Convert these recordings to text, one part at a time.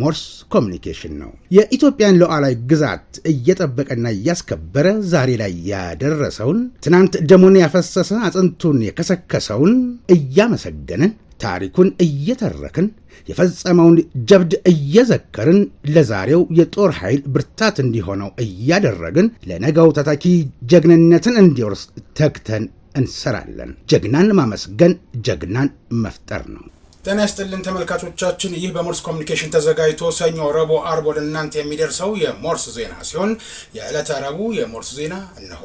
ሞርስ ኮሚኒኬሽን ነው። የኢትዮጵያን ሉዓላዊ ግዛት እየጠበቀና እያስከበረ ዛሬ ላይ ያደረሰውን ትናንት ደሙን ያፈሰሰ አጥንቱን የከሰከሰውን እያመሰገንን ታሪኩን እየተረክን የፈጸመውን ጀብድ እየዘከርን ለዛሬው የጦር ኃይል ብርታት እንዲሆነው እያደረግን ለነገው ታታኪ ጀግንነትን እንዲወርስ ተግተን እንሰራለን። ጀግናን ማመስገን ጀግናን መፍጠር ነው። ጤና ይስጥልን ተመልካቾቻችን፣ ይህ በሞርስ ኮሚኒኬሽን ተዘጋጅቶ ሰኞ፣ ረቡዕ፣ አርብ ወደ እናንተ የሚደርሰው የሞርስ ዜና ሲሆን የዕለተ ረቡዕ የሞርስ ዜና እነሆ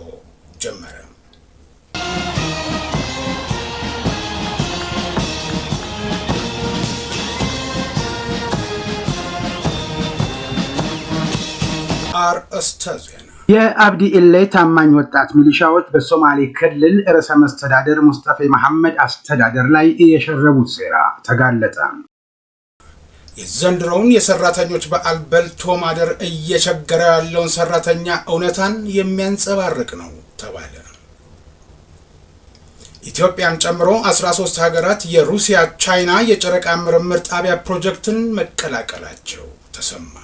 ጀመረ። አርእስተ ዜና የአብዲ ኢሌ ታማኝ ወጣት ሚሊሻዎች በሶማሌ ክልል ርዕሰ መስተዳደር ሙስጠፌ መሐመድ አስተዳደር ላይ የሸረቡት ሴራ ተጋለጠ። የዘንድሮውን የሰራተኞች በዓል በልቶ ማደር እየቸገረ ያለውን ሰራተኛ እውነታን የሚያንጸባርቅ ነው ተባለ። ኢትዮጵያን ጨምሮ 13 ሀገራት የሩሲያ ቻይና የጨረቃ ምርምር ጣቢያ ፕሮጀክትን መቀላቀላቸው ተሰማ።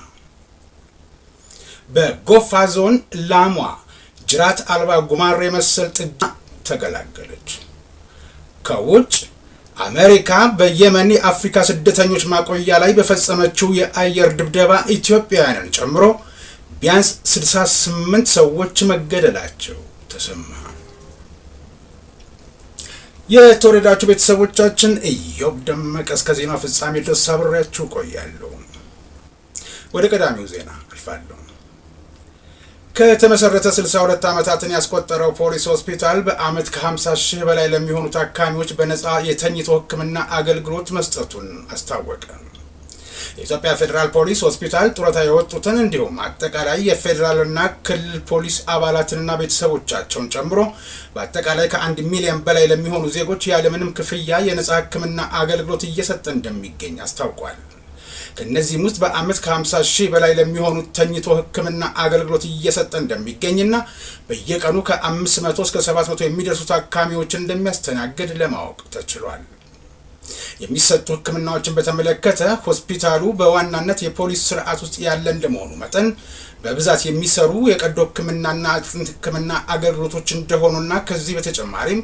በጎፋ ዞን ላሟ ጅራት አልባ ጉማሬ መሰል ጥጃ ተገላገለች። ከውጭ አሜሪካ በየመን የአፍሪካ ስደተኞች ማቆያ ላይ በፈጸመችው የአየር ድብደባ ኢትዮጵያውያንን ጨምሮ ቢያንስ 68 ሰዎች መገደላቸው ተሰማ። የተወደዳችሁ ቤተሰቦቻችን እዮብ ደመቀ እስከ ዜና ፍጻሜ ድረስ አብሬያችሁ ቆያለሁ። ወደ ቀዳሚው ዜና አልፋለሁ። ከተመሰረተ 62 ዓመታትን ያስቆጠረው ፖሊስ ሆስፒታል በአመት ከ50 ሺህ በላይ ለሚሆኑ ታካሚዎች በነፃ የተኝቶ ሕክምና አገልግሎት መስጠቱን አስታወቀ። የኢትዮጵያ ፌዴራል ፖሊስ ሆስፒታል ጡረታ የወጡትን እንዲሁም አጠቃላይ የፌዴራልና ክልል ፖሊስ አባላትንና ቤተሰቦቻቸውን ጨምሮ በአጠቃላይ ከአንድ ሚሊዮን በላይ ለሚሆኑ ዜጎች ያለምንም ክፍያ የነፃ ሕክምና አገልግሎት እየሰጠ እንደሚገኝ አስታውቋል። ከእነዚህም ውስጥ በዓመት ከ50 ሺህ በላይ ለሚሆኑ ተኝቶ ህክምና አገልግሎት እየሰጠ እንደሚገኝና በየቀኑ ከ500 እስከ 700 የሚደርሱ ታካሚዎችን እንደሚያስተናግድ ለማወቅ ተችሏል። የሚሰጡ ህክምናዎችን በተመለከተ ሆስፒታሉ በዋናነት የፖሊስ ስርዓት ውስጥ ያለ እንደመሆኑ መጠን በብዛት የሚሰሩ የቀዶ ህክምናና አጥንት ህክምና አገልግሎቶች እንደሆኑና ከዚህ በተጨማሪም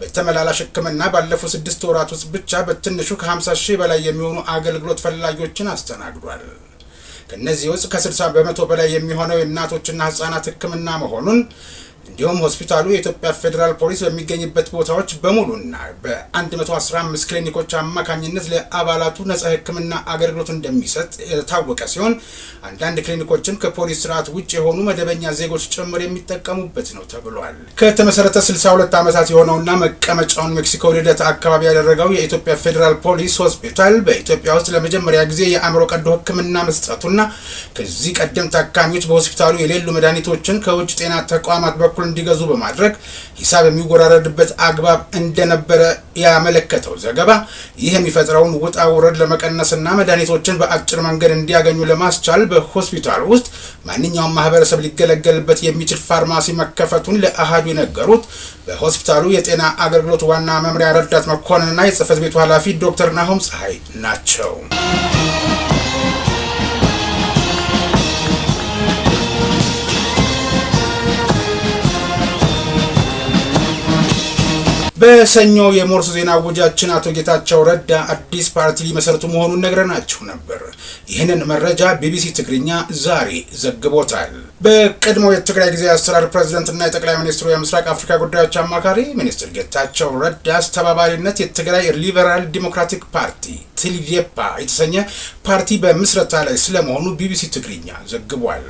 በተመላላሽ ህክምና ባለፉት ስድስት ወራት ውስጥ ብቻ በትንሹ ከ50 ሺህ በላይ የሚሆኑ አገልግሎት ፈላጊዎችን አስተናግዷል። ከእነዚህ ውስጥ ከ60 በመቶ በላይ የሚሆነው የእናቶችና ህጻናት ህክምና መሆኑን እንዲሁም ሆስፒታሉ የኢትዮጵያ ፌዴራል ፖሊስ በሚገኝበት ቦታዎች በሙሉና በ115 ክሊኒኮች አማካኝነት ለአባላቱ ነጻ ሕክምና አገልግሎት እንደሚሰጥ የታወቀ ሲሆን አንዳንድ ክሊኒኮችም ከፖሊስ ስርዓት ውጭ የሆኑ መደበኛ ዜጎች ጭምር የሚጠቀሙበት ነው ተብሏል። ከተመሰረተ 62 ዓመታት የሆነውና መቀመጫውን ሜክሲኮ ልደት አካባቢ ያደረገው የኢትዮጵያ ፌዴራል ፖሊስ ሆስፒታል በኢትዮጵያ ውስጥ ለመጀመሪያ ጊዜ የአእምሮ ቀዶ ሕክምና መስጠቱና ከዚህ ቀደም ታካሚዎች በሆስፒታሉ የሌሉ መድኃኒቶችን ከውጭ ጤና ተቋማት በኩል በኩል እንዲገዙ በማድረግ ሂሳብ የሚወራረድበት አግባብ እንደነበረ ያመለከተው ዘገባ ይህ የሚፈጥረውን ውጣ ውረድ ለመቀነስና መድኃኒቶችን በአጭር መንገድ እንዲያገኙ ለማስቻል በሆስፒታል ውስጥ ማንኛውም ማህበረሰብ ሊገለገልበት የሚችል ፋርማሲ መከፈቱን ለአሃዱ የነገሩት በሆስፒታሉ የጤና አገልግሎት ዋና መምሪያ ረዳት መኮንንና የጽህፈት ቤቱ ኃላፊ ዶክተር ናሆም ፀሐይ ናቸው። በሰኞ የሞርስ ዜና እወጃችን አቶ ጌታቸው ረዳ አዲስ ፓርቲ ሊመሰርቱ መሆኑን ነግረናችሁ ነበር። ይህንን መረጃ ቢቢሲ ትግርኛ ዛሬ ዘግቦታል። በቀድሞው የትግራይ ጊዜ አስተዳደር እና የጠቅላይ ሚኒስትሩ የምስራቅ አፍሪካ ጉዳዮች አማካሪ ሚኒስትር ጌታቸው ረዳ አስተባባሪነት የትግራይ ሊበራል ዲሞክራቲክ ፓርቲ ትልዴፓ የተሰኘ ፓርቲ በምስረታ ላይ ስለመሆኑ ቢቢሲ ትግርኛ ዘግቧል።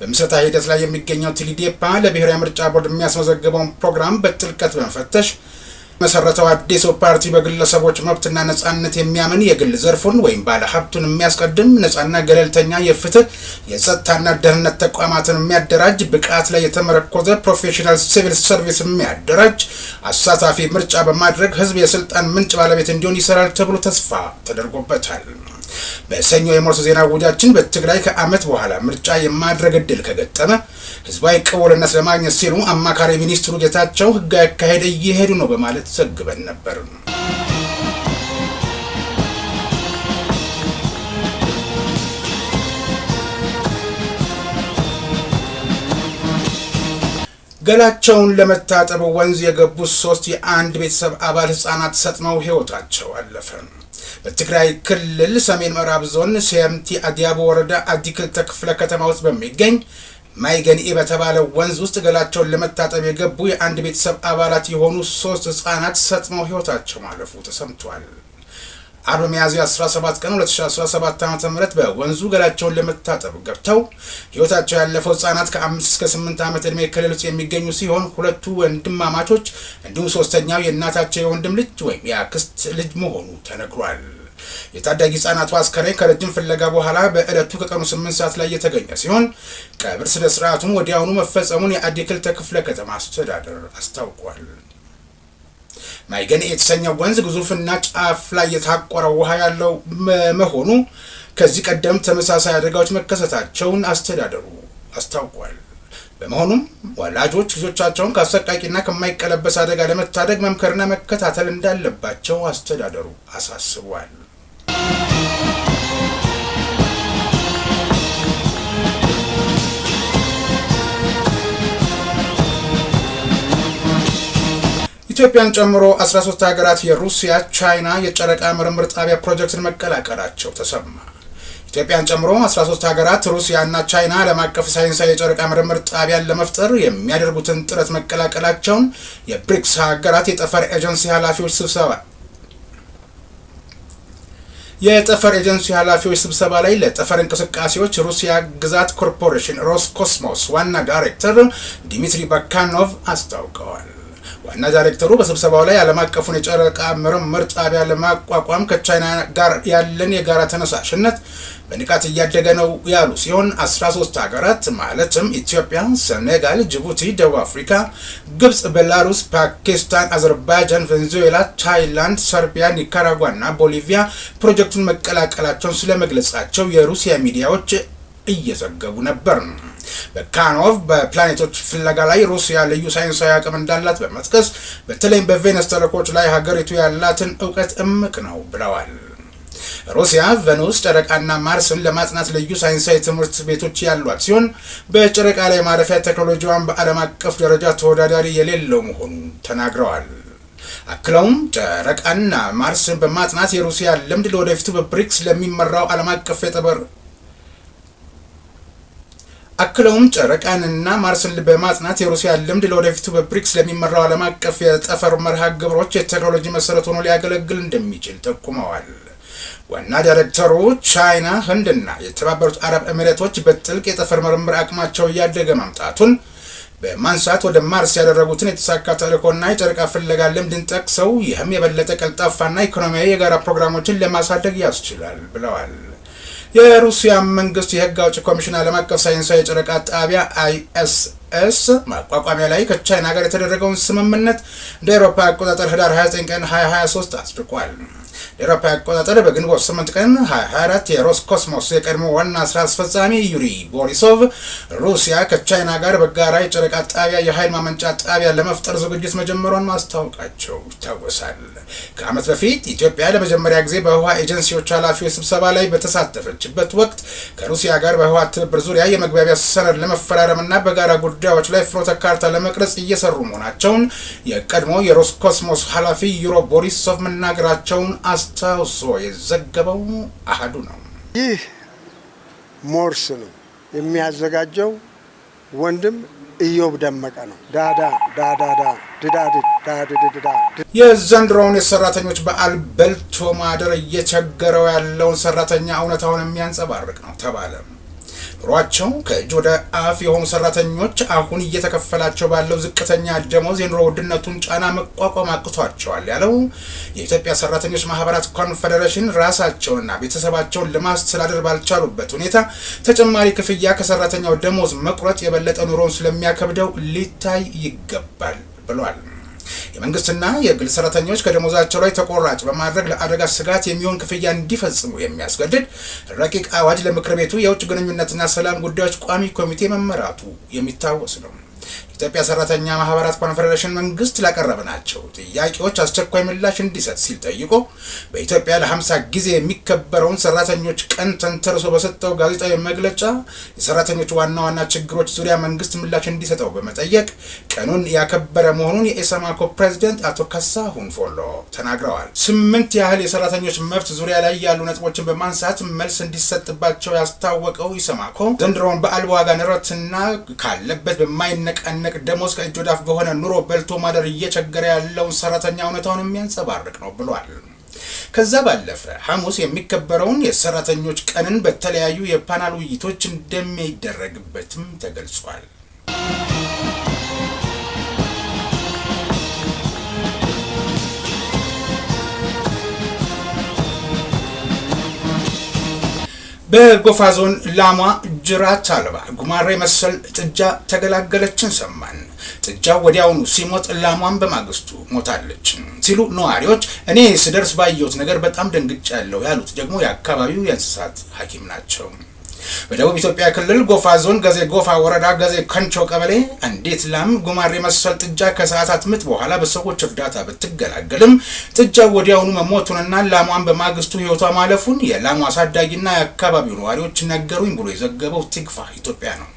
በምስረታ ሂደት ላይ የሚገኘው ቲሊዴፓ ለብሔራዊ ምርጫ ቦርድ የሚያስመዘግበውን ፕሮግራም በጥልቀት በመፈተሽ መሰረተው አዲሱ ፓርቲ በግለሰቦች መብትና ነጻነት የሚያምን የግል ዘርፉን ወይም ባለ ሀብቱን የሚያስቀድም ነጻና ገለልተኛ የፍትህ የጸጥታና ደህንነት ተቋማትን የሚያደራጅ ብቃት ላይ የተመረኮዘ ፕሮፌሽናል ሲቪል ሰርቪስ የሚያደራጅ አሳታፊ ምርጫ በማድረግ ህዝብ የስልጣን ምንጭ ባለቤት እንዲሆን ይሰራል ተብሎ ተስፋ ተደርጎበታል። በሰኞ የሞርስ ዜና ውጃችን በትግራይ ከአመት በኋላ ምርጫ የማድረግ እድል ከገጠመ ህዝባዊ ቅቡልነት ለማግኘት ሲሉ አማካሪ ሚኒስትሩ ጌታቸው ህጋዊ አካሄድ እየሄዱ ነው በማለት ዘግበን ነበር። ገላቸውን ለመታጠብ ወንዝ የገቡት ሶስት የአንድ ቤተሰብ አባል ህጻናት ሰጥመው ህይወታቸው አለፈም። በትግራይ ክልል ሰሜን ምዕራብ ዞን ሴምቲ አዲያቦ ወረዳ አዲክልተ ክፍለ ከተማ ውስጥ በሚገኝ ማይገኒ በተባለ ወንዝ ውስጥ ገላቸውን ለመታጠብ የገቡ የአንድ ቤተሰብ አባላት የሆኑ ሶስት ህጻናት ሰጥመው ህይወታቸው ማለፉ ተሰምቷል። አርብ ሚያዝያ 17 ቀን 2017 ዓ ም በወንዙ ገላቸውን ለመታጠብ ገብተው ህይወታቸው ያለፈው ህጻናት ከአምስት እስከ ስምንት ዓመት ዕድሜ ክልል ውስጥ የሚገኙ ሲሆን ሁለቱ ወንድማማቾች እንዲሁም ሶስተኛው የእናታቸው የወንድም ልጅ ወይም የአክስት ልጅ መሆኑ ተነግሯል። የታዳጊ ህጻናቱ አስከሬን ከረጅም ፍለጋ በኋላ በዕለቱ ከቀኑ ስምንት ሰዓት ላይ የተገኘ ሲሆን ቀብር ስነ ስርዓቱም ወዲያውኑ መፈጸሙን የአዴክልተ ክፍለ ከተማ አስተዳደር አስታውቋል። ማይገኔ የተሰኘው ወንዝ ግዙፍና ጫፍ ላይ የታቆረ ውሃ ያለው መሆኑ ከዚህ ቀደም ተመሳሳይ አደጋዎች መከሰታቸውን አስተዳደሩ አስታውቋል። በመሆኑም ወላጆች ልጆቻቸውን ከአሰቃቂና ከማይቀለበስ አደጋ ለመታደግ መምከርና መከታተል እንዳለባቸው አስተዳደሩ አሳስቧል። ኢትዮጵያን ጨምሮ 13 ሀገራት የሩሲያ ቻይና የጨረቃ ምርምር ጣቢያ ፕሮጀክትን መቀላቀላቸው ተሰማ። ኢትዮጵያን ጨምሮ 13 ሀገራት ሩሲያና ቻይና ዓለም አቀፍ ሳይንሳዊ የጨረቃ ምርምር ጣቢያን ለመፍጠር የሚያደርጉትን ጥረት መቀላቀላቸውን የብሪክስ ሀገራት የጠፈር ኤጀንሲ ኃላፊዎች ስብሰባ የጠፈር ኤጀንሲ ኃላፊዎች ስብሰባ ላይ ለጠፈር እንቅስቃሴዎች ሩሲያ ግዛት ኮርፖሬሽን ሮስ ኮስሞስ ዋና ዳይሬክተር ዲሚትሪ ባካኖቭ አስታውቀዋል። ዋና ዳይሬክተሩ በስብሰባው ላይ ዓለም አቀፉን የጨረቃ ምርምር ጣቢያ ለማቋቋም ከቻይና ጋር ያለን የጋራ ተነሳሽነት በንቃት እያደገ ነው ያሉ ሲሆን 13 ሀገራት ማለትም ኢትዮጵያ፣ ሴኔጋል፣ ጅቡቲ፣ ደቡብ አፍሪካ፣ ግብፅ፣ ቤላሩስ፣ ፓኪስታን፣ አዘርባይጃን፣ ቬንዙዌላ፣ ታይላንድ፣ ሰርቢያ፣ ኒካራጓ እና ቦሊቪያ ፕሮጀክቱን መቀላቀላቸውን ስለመግለጻቸው የሩሲያ ሚዲያዎች እየዘገቡ ነበር። በካኖቭ በፕላኔቶች ፍለጋ ላይ ሩሲያ ልዩ ሳይንሳዊ አቅም እንዳላት በመጥቀስ በተለይም በቬነስ ተልእኮች ላይ ሀገሪቱ ያላትን እውቀት እምቅ ነው ብለዋል። ሩሲያ ቬኑስ፣ ጨረቃና ማርስን ለማጥናት ልዩ ሳይንሳዊ ትምህርት ቤቶች ያሏት ሲሆን በጨረቃ ላይ ማረፊያ ቴክኖሎጂዋን በዓለም አቀፍ ደረጃ ተወዳዳሪ የሌለው መሆኑ ተናግረዋል። አክለውም ጨረቃና ማርስን በማጥናት የሩሲያ ልምድ ለወደፊቱ በብሪክስ ለሚመራው ዓለም አቀፍ የጠበር አክለውም ጨረቃንና ማርስን በማጽናት የሩሲያ ልምድ ለወደፊቱ በብሪክስ ለሚመራው ዓለም አቀፍ የጠፈር መርሃ ግብሮች የቴክኖሎጂ መሰረት ሆኖ ሊያገለግል እንደሚችል ጠቁመዋል። ዋና ዳይሬክተሩ ቻይና፣ ህንድና የተባበሩት አረብ ኤሚሬቶች በጥልቅ የጠፈር ምርምር አቅማቸው እያደገ መምጣቱን በማንሳት ወደ ማርስ ያደረጉትን የተሳካ ተልእኮና የጨረቃ ፍለጋ ልምድን ጠቅሰው ይህም የበለጠ ቀልጣፋና ኢኮኖሚያዊ የጋራ ፕሮግራሞችን ለማሳደግ ያስችላል ብለዋል። የሩሲያ መንግስት የህግ አውጭ ኮሚሽን ዓለም አቀፍ ሳይንሳዊ የጨረቃ ጣቢያ አይኤስኤስ ማቋቋሚያ ላይ ከቻይና ጋር የተደረገውን ስምምነት እንደ ኤሮፓ አቆጣጠር ህዳር 29 ቀን 2023 አጽድቋል። ለአውሮፓ አቆጣጠር በግንቦት 8 ቀን 2024 የሮስ ኮስሞስ የቀድሞ ዋና ስራ አስፈጻሚ ዩሪ ቦሪሶቭ ሩሲያ ከቻይና ጋር በጋራ የጨረቃ ጣቢያ የኃይል ማመንጫ ጣቢያ ለመፍጠር ዝግጅት መጀመሯን ማስታወቃቸው ይታወሳል። ከዓመት በፊት ኢትዮጵያ ለመጀመሪያ ጊዜ በህዋ ኤጀንሲዎች ኃላፊዎች ስብሰባ ላይ በተሳተፈችበት ወቅት ከሩሲያ ጋር በህዋ ትብብር ዙሪያ የመግባቢያ ሰነድ ለመፈራረምና በጋራ ጉዳዮች ላይ ፍኖተ ካርታ ለመቅረጽ እየሰሩ መሆናቸውን የቀድሞ የሮስ ኮስሞስ ኃላፊ ዩሮ ቦሪሶቭ መናገራቸውን አስታውሶ የዘገበው አህዱ ነው። ይህ ሞርስ ነው የሚያዘጋጀው ወንድም እዮብ ደመቀ ነው። ዳዳ ዳዳዳ ድዳድዳድድዳ የዘንድሮውን የሰራተኞች በዓል በልቶ ማደር እየቸገረው ያለውን ሰራተኛ እውነታውን የሚያንጸባርቅ ነው ተባለም። ኑሯቸው ከእጅ ወደ አፍ የሆኑ ሰራተኞች አሁን እየተከፈላቸው ባለው ዝቅተኛ ደሞዝ የኑሮ ውድነቱን ጫና መቋቋም አቅቷቸዋል ያለው የኢትዮጵያ ሰራተኞች ማህበራት ኮንፌዴሬሽን ራሳቸውና ቤተሰባቸውን ለማስተዳደር ባልቻሉበት ሁኔታ ተጨማሪ ክፍያ ከሰራተኛው ደሞዝ መቁረጥ የበለጠ ኑሮን ስለሚያከብደው ሊታይ ይገባል ብሏል። የመንግስትና የግል ሰራተኞች ከደሞዛቸው ላይ ተቆራጭ በማድረግ ለአደጋ ስጋት የሚሆን ክፍያ እንዲፈጽሙ የሚያስገድድ ረቂቅ አዋጅ ለምክር ቤቱ የውጭ ግንኙነትና ሰላም ጉዳዮች ቋሚ ኮሚቴ መመራቱ የሚታወስ ነው። ኢትዮጵያ ሰራተኛ ማህበራት ኮንፌዴሬሽን መንግስት ላቀረብናቸው ጥያቄዎች አስቸኳይ ምላሽ እንዲሰጥ ሲል ጠይቆ በኢትዮጵያ ለ50 ጊዜ የሚከበረውን ሰራተኞች ቀን ተንተርሶ በሰጠው ጋዜጣዊ መግለጫ የሰራተኞች ዋና ዋና ችግሮች ዙሪያ መንግስት ምላሽ እንዲሰጠው በመጠየቅ ቀኑን ያከበረ መሆኑን የኢሰማኮ ፕሬዚደንት አቶ ካሳሁን ሁንፎሎ ተናግረዋል። ስምንት ያህል የሰራተኞች መብት ዙሪያ ላይ ያሉ ነጥቦችን በማንሳት መልስ እንዲሰጥባቸው ያስታወቀው ኢሰማኮ ዘንድሮውን በዓል በዋጋ ንረትና ካለበት በማይነቃነቅ መጨነቅ ደሞዝ ከእጅ ወዳፍ በሆነ ኑሮ በልቶ ማደር እየቸገረ ያለውን ሰራተኛ እውነታውን የሚያንጸባርቅ ነው ብሏል። ከዛ ባለፈ ሐሙስ የሚከበረውን የሰራተኞች ቀንን በተለያዩ የፓናል ውይይቶች እንደሚደረግበትም ተገልጿል። በጎፋ ዞን ላሟ ጅራት አልባ ጉማሬ መሰል ጥጃ ተገላገለችን ሰማን። ጥጃው ወዲያውኑ ሲሞት ላሟን በማግስቱ ሞታለች ሲሉ ነዋሪዎች፣ እኔ ስደርስ ባየሁት ነገር በጣም ደንግጫለሁ ያሉት ደግሞ የአካባቢው የእንስሳት ሐኪም ናቸው። በደቡብ ኢትዮጵያ ክልል ጎፋ ዞን ገዜ ጎፋ ወረዳ ገዜ ከንቾ ቀበሌ አንዲት ላም ጉማሬ መሰል ጥጃ ከሰዓታት ምጥ በኋላ በሰዎች እርዳታ ብትገላገልም ጥጃው ወዲያውኑ መሞቱንና ላሟን በማግስቱ ህይወቷ ማለፉን የላሟ አሳዳጊና የአካባቢው ነዋሪዎች ነገሩኝ ብሎ የዘገበው ቲግፋ ኢትዮጵያ ነው።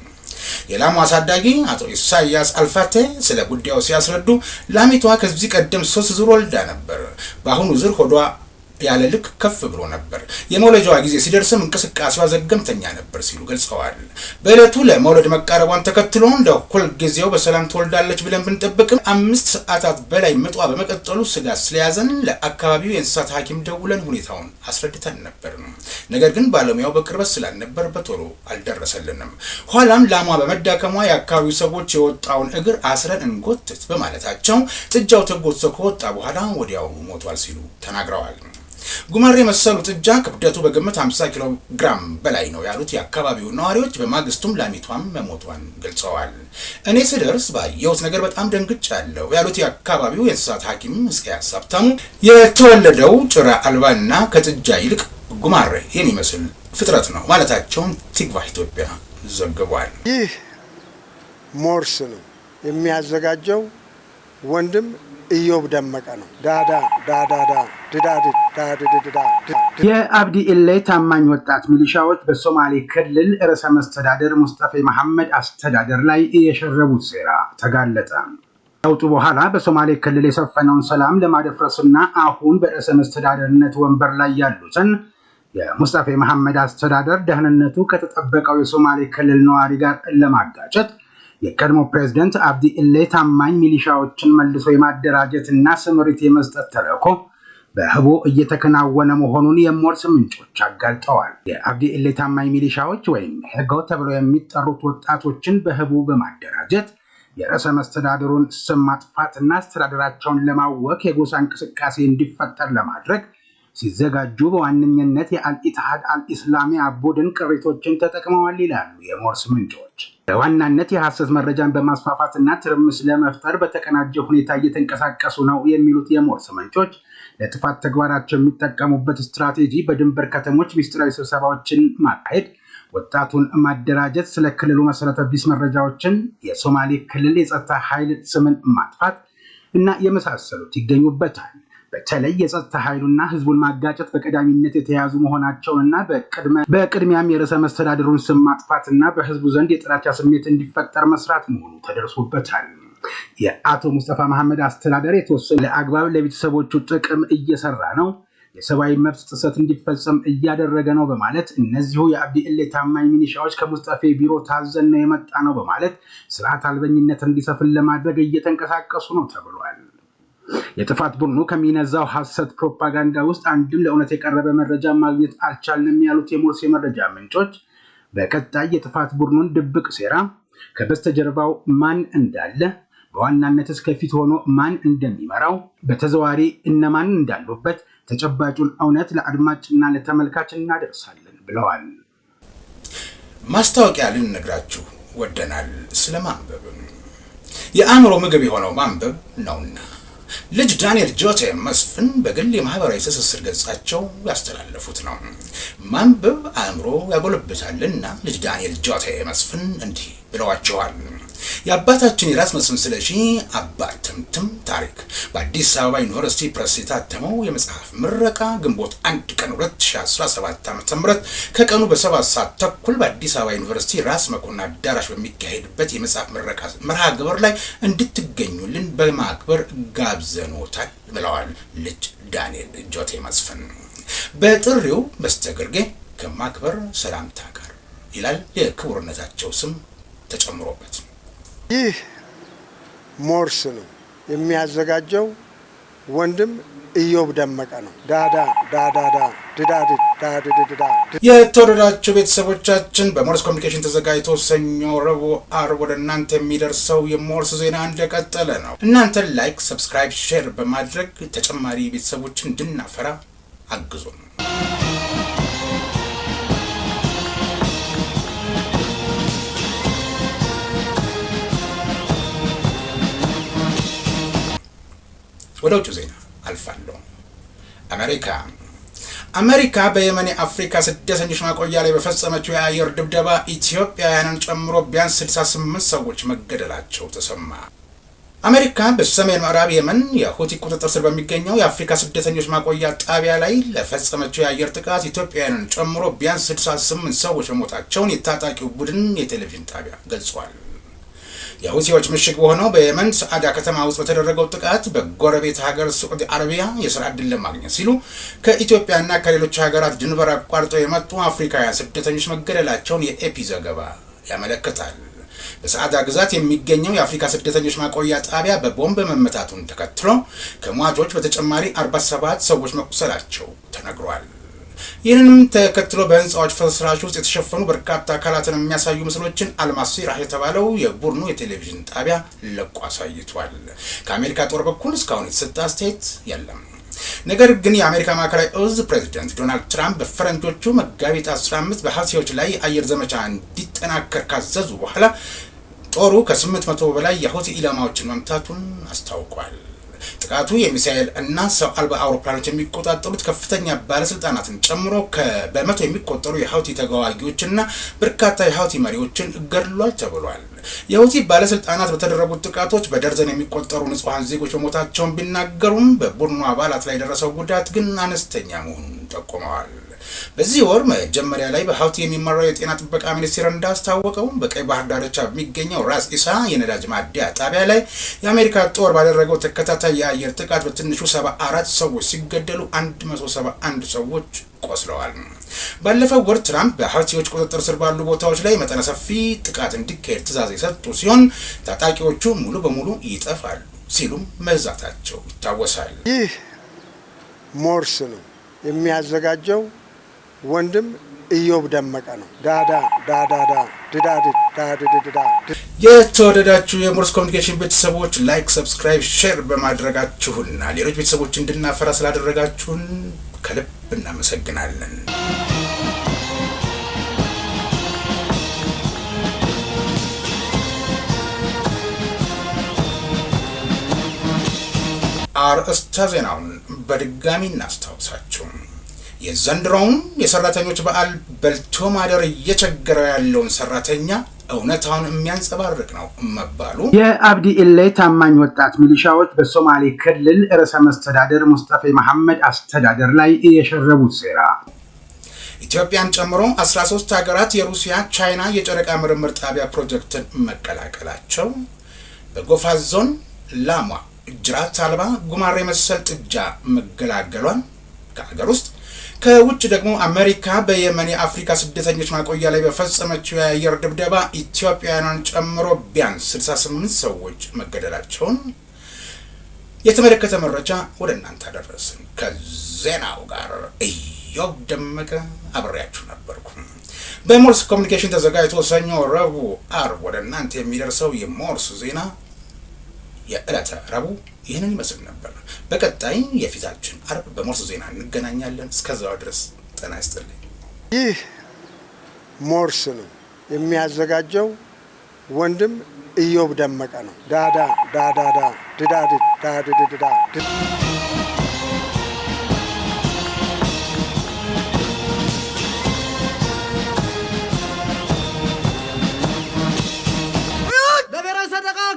የላሟ አሳዳጊ አቶ ኢሳያስ አልፋቴ ስለ ጉዳዩ ሲያስረዱ ላሚቷ ከዚህ ቀደም ሶስት ዙር ወልዳ ነበር። በአሁኑ ዙር ሆዷ ያለ ልክ ከፍ ብሎ ነበር። የመውለጃዋ ጊዜ ሲደርስም እንቅስቃሴዋ ዘገምተኛ ነበር ሲሉ ገልጸዋል። በዕለቱ ለመውለድ መቃረቧን ተከትሎ እንደ ጊዜው በሰላም ትወልዳለች ብለን ብንጠብቅም አምስት ሰዓታት በላይ ምጧ በመቀጠሉ ስጋት ስለያዘን ለአካባቢው የእንስሳት ሐኪም ደውለን ሁኔታውን አስረድተን ነበር። ነገር ግን ባለሙያው በቅርበት ስላልነበር በቶሎ አልደረሰልንም። ኋላም ላሟ በመዳከሟ የአካባቢው ሰዎች የወጣውን እግር አስረን እንጎትት በማለታቸው ጥጃው ተጎትቶ ከወጣ በኋላ ወዲያው ሞቷል ሲሉ ተናግረዋል። ጉማሬ የመሰሉ ጥጃ ክብደቱ በግምት 50 ኪሎ ግራም በላይ ነው ያሉት የአካባቢው ነዋሪዎች በማግስቱም ላሚቷም መሞቷን ገልጸዋል። እኔ ስደርስ ባየሁት ነገር በጣም ደንግጫለሁ ያሉት የአካባቢው የእንስሳት ሐኪም እስኪያስ ሀብታሙ የተወለደው ጭራ አልባና ከጥጃ ይልቅ ጉማሬ የሚመስል ፍጥረት ነው ማለታቸውን ቲግቫ ኢትዮጵያ ዘግቧል። ይህ ሞርስ ነው የሚያዘጋጀው። ወንድም ኢዮብ ደመቀ ነው። ዳዳ ዳዳዳ የአብዲ ኢሌ ታማኝ ወጣት ሚሊሻዎች በሶማሌ ክልል ርዕሰ መስተዳደር ሙስጠፌ መሐመድ አስተዳደር ላይ የሸረቡት ሴራ ተጋለጠ። ለውጡ በኋላ በሶማሌ ክልል የሰፈነውን ሰላም ለማደፍረስና አሁን በርዕሰ መስተዳደርነት ወንበር ላይ ያሉትን የሙስጠፌ መሐመድ አስተዳደር ደህንነቱ ከተጠበቀው የሶማሌ ክልል ነዋሪ ጋር ለማጋጨት የቀድሞ ፕሬዝደንት አብዲ ኢሌ ታማኝ ሚሊሻዎችን መልሶ የማደራጀትና ስምሪት የመስጠት ተልዕኮ በህቦ እየተከናወነ መሆኑን የሞርስ ምንጮች አጋልጠዋል። የአብዲ ኢሌ ታማኝ ሚሊሻዎች ወይም ህገው ተብለው የሚጠሩት ወጣቶችን በህቡ በማደራጀት የርዕሰ መስተዳድሩን ስም ማጥፋትና አስተዳደራቸውን ለማወክ የጎሳ እንቅስቃሴ እንዲፈጠር ለማድረግ ሲዘጋጁ በዋነኝነት የአልኢትሃድ አልኢስላሚያ ቡድን ቅሪቶችን ተጠቅመዋል ይላሉ የሞርስ ምንጮች። በዋናነት የሐሰት መረጃን በማስፋፋትና ትርምስ ለመፍጠር በተቀናጀ ሁኔታ እየተንቀሳቀሱ ነው የሚሉት የሞርስ ምንጮች ለጥፋት ተግባራቸው የሚጠቀሙበት ስትራቴጂ በድንበር ከተሞች ሚስጢራዊ ስብሰባዎችን ማካሄድ፣ ወጣቱን ማደራጀት፣ ስለ ክልሉ መሰረተ ቢስ መረጃዎችን፣ የሶማሌ ክልል የጸጥታ ኃይል ስምን ማጥፋት እና የመሳሰሉት ይገኙበታል። በተለይ የጸጥታ ኃይሉና ህዝቡን ማጋጨት በቀዳሚነት የተያዙ እና በቅድሚያም የርዕሰ መስተዳድሩን ስም ማጥፋትና በህዝቡ ዘንድ የጥላቻ ስሜት እንዲፈጠር መስራት መሆኑ ተደርሶበታል። የአቶ ሙስጠፋ መሐመድ አስተዳደር የተወሰኑ ለአግባብ ለቤተሰቦቹ ጥቅም እየሰራ ነው፣ የሰብአዊ መብት ጥሰት እንዲፈጸም እያደረገ ነው በማለት እነዚሁ የአብዲ ታማኝ ሚኒሻዎች ከሙስጠፌ ቢሮ ታዘን ነው የመጣ ነው በማለት ስርዓት አልበኝነት እንዲሰፍን ለማድረግ እየተንቀሳቀሱ ነው ተብሏል። የጥፋት ቡድኑ ከሚነዛው ሐሰት ፕሮፓጋንዳ ውስጥ አንድም ለእውነት የቀረበ መረጃ ማግኘት አልቻልንም ያሉት የሞርሴ መረጃ ምንጮች በቀጣይ የጥፋት ቡድኑን ድብቅ ሴራ ከበስተጀርባው ማን እንዳለ በዋናነትስ ከፊት ሆኖ ማን እንደሚመራው በተዘዋሪ እነማን እንዳሉበት ተጨባጩን እውነት ለአድማጭና ለተመልካች እናደርሳለን ብለዋል። ማስታወቂያ ልንነግራችሁ ወደናል። ስለ ማንበብ የአእምሮ ምግብ የሆነው ማንበብ ነውና ልጅ ዳንኤል ጆቴ መስፍን በግል የማህበራዊ ትስስር ገጻቸው ያስተላለፉት ነው። ማንበብ አእምሮ ያጎለብታልና ልጅ ዳንኤል ጆቴ መስፍን እንዲህ ብለዋቸዋል። የአባታችን የራስ መስፍን ስለሺ አባት ትምትም ታሪክ በአዲስ አበባ ዩኒቨርሲቲ ፕረስ የታተመው የመጽሐፍ ምረቃ ግንቦት 1 ቀን 2017 ም ከቀኑ በሰባት ሰዓት ተኩል በአዲስ አበባ ዩኒቨርሲቲ ራስ መኮንን አዳራሽ በሚካሄድበት የመጽሐፍ ምረቃ መርሃ ግብር ላይ እንድትገኙልን በማክበር ጋብዘኖታል ብለዋል ልጅ ዳንኤል ጆቴ መስፍን በጥሪው በስተግርጌ ከማክበር ሰላምታ ጋር ይላል የክቡርነታቸው ስም ተጨምሮበት ይህ ሞርስ ነው የሚያዘጋጀው። ወንድም እዮብ ደመቀ ነው። ዳዳ ዳዳዳ ድዳድዳ የተወደዳችሁ ቤተሰቦቻችን በሞርስ ኮሚኒኬሽን ተዘጋጅቶ ሰኞ፣ ረቡዕ፣ ዓርብ ወደ እናንተ የሚደርሰው የሞርስ ዜና እንደቀጠለ ነው። እናንተ ላይክ፣ ሰብስክራይብ፣ ሼር በማድረግ ተጨማሪ ቤተሰቦችን እንድናፈራ አግዙ። ወደ ውጭ ዜና አልፋለሁ። አሜሪካ አሜሪካ በየመን የአፍሪካ ስደተኞች ማቆያ ላይ በፈጸመችው የአየር ድብደባ ኢትዮጵያውያንን ጨምሮ ቢያንስ 68 ሰዎች መገደላቸው ተሰማ። አሜሪካ በሰሜን ምዕራብ የመን የሁቲ ቁጥጥር ስር በሚገኘው የአፍሪካ ስደተኞች ማቆያ ጣቢያ ላይ ለፈጸመችው የአየር ጥቃት ኢትዮጵያውያንን ጨምሮ ቢያንስ 68 ሰዎች መሞታቸውን የታጣቂው ቡድን የቴሌቪዥን ጣቢያ ገልጿል። የሁሲዎች ምሽግ በሆነው በየመን ሰዓዳ ከተማ ውስጥ በተደረገው ጥቃት በጎረቤት ሀገር ሳዑዲ አረቢያ የስራ ዕድል ለማግኘት ሲሉ ከኢትዮጵያና ከሌሎች ሀገራት ድንበር አቋርጠው የመጡ አፍሪካውያን ስደተኞች መገደላቸውን የኤፒ ዘገባ ያመለክታል። በሰዓዳ ግዛት የሚገኘው የአፍሪካ ስደተኞች ማቆያ ጣቢያ በቦምብ መመታቱን ተከትሎ ከሟቾች በተጨማሪ 47 ሰዎች መቁሰላቸው ተነግሯል። ይህንንም ተከትሎ በህንፃዎች ፍርስራሽ ውስጥ የተሸፈኑ በርካታ አካላትን የሚያሳዩ ምስሎችን አልማሲራ የተባለው የቡድኑ የቴሌቪዥን ጣቢያ ለቆ አሳይቷል። ከአሜሪካ ጦር በኩል እስካሁን የተሰጠ አስተያየት የለም። ነገር ግን የአሜሪካ ማዕከላዊ እዝ ፕሬዚደንት ዶናልድ ትራምፕ በፈረንጆቹ መጋቢት 15 በሀውቲዎች ላይ የአየር ዘመቻ እንዲጠናከር ካዘዙ በኋላ ጦሩ ከ800 በላይ የሁቲ ኢላማዎችን መምታቱን አስታውቋል። ጥቃቱ የሚሳኤል እና ሰው አልባ አውሮፕላኖች የሚቆጣጠሩት ከፍተኛ ባለስልጣናትን ጨምሮ በመቶ የሚቆጠሩ የሀውቲ ተዋጊዎችና በርካታ የሀውቲ መሪዎችን ገድሏል ተብሏል። የሁቲ ባለስልጣናት በተደረጉት ጥቃቶች በደርዘን የሚቆጠሩ ንጹሐን ዜጎች በሞታቸውን ቢናገሩም በቡድኑ አባላት ላይ የደረሰው ጉዳት ግን አነስተኛ መሆኑን ጠቁመዋል። በዚህ ወር መጀመሪያ ላይ በሀብት የሚመራው የጤና ጥበቃ ሚኒስቴር እንዳስታወቀው በቀይ ባህር ዳርቻ በሚገኘው ራስ ኢሳ የነዳጅ ማደያ ጣቢያ ላይ የአሜሪካ ጦር ባደረገው ተከታታይ የአየር ጥቃት በትንሹ 74 ሰዎች ሲገደሉ 171 ሰዎች ቆስለዋል። ባለፈው ወር ትራምፕ በሀውቲዎች ቁጥጥር ስር ባሉ ቦታዎች ላይ መጠነ ሰፊ ጥቃት እንዲካሄድ ትዕዛዝ የሰጡ ሲሆን ታጣቂዎቹ ሙሉ በሙሉ ይጠፋሉ ሲሉም መዛታቸው ይታወሳል። ይህ ሞርስ ነው የሚያዘጋጀው ወንድም እዮብ ደመቀ ነው። ዳዳ ዳዳዳ ድዳድ የተወደዳችሁ የሞርስ ኮሚኒኬሽን ቤተሰቦች ላይክ፣ ሰብስክራይብ፣ ሼር በማድረጋችሁና ሌሎች ቤተሰቦች እንድናፈራ ስላደረጋችሁን ከልብ እናመሰግናለን። አርእስተ ዜናውን በድጋሚ እናስታውሳችሁ። የዘንድሮውም የሰራተኞች በዓል በልቶ ማደር እየቸገረ ያለውን ሰራተኛ እውነታውን የሚያንጸባርቅ ነው መባሉ። የአብዲ ኢሌ ታማኝ ወጣት ሚሊሻዎች በሶማሌ ክልል ርዕሰ መስተዳደር ሙስጠፌ መሐመድ አስተዳደር ላይ የሸረቡት ሴራ ኢትዮጵያን ጨምሮ 13 ሀገራት የሩሲያ ቻይና የጨረቃ ምርምር ጣቢያ ፕሮጀክትን መቀላቀላቸው፣ በጎፋ ዞን ላሟ ጅራት አልባ ጉማሬ መሰል ጥጃ መገላገሏን ከሀገር ውስጥ ከውጭ ደግሞ አሜሪካ በየመን የአፍሪካ ስደተኞች ማቆያ ላይ በፈጸመችው የአየር ድብደባ ኢትዮጵያውያንን ጨምሮ ቢያንስ 68 ሰዎች መገደላቸውን የተመለከተ መረጃ ወደ እናንተ አደረስን። ከዜናው ጋር ኢዮብ ደመቀ አብሬያችሁ ነበርኩ። በሞርስ ኮሚኒኬሽን ተዘጋጅቶ ሰኞ፣ ረቡዕ፣ አር ወደ እናንተ የሚደርሰው የሞርስ ዜና የዕለተ ረቡዕ ይህንን ይመስል ነበር። በቀጣይ የፊታችን አርብ በሞርስ ዜና እንገናኛለን። እስከዛው ድረስ ጤና ይስጥልኝ። ይህ ሞርስ ነው የሚያዘጋጀው ወንድም እዮብ ደመቀ ነው። ዳዳ ዳዳዳ ድዳድ ዳድድዳ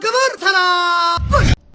ክብር ተላ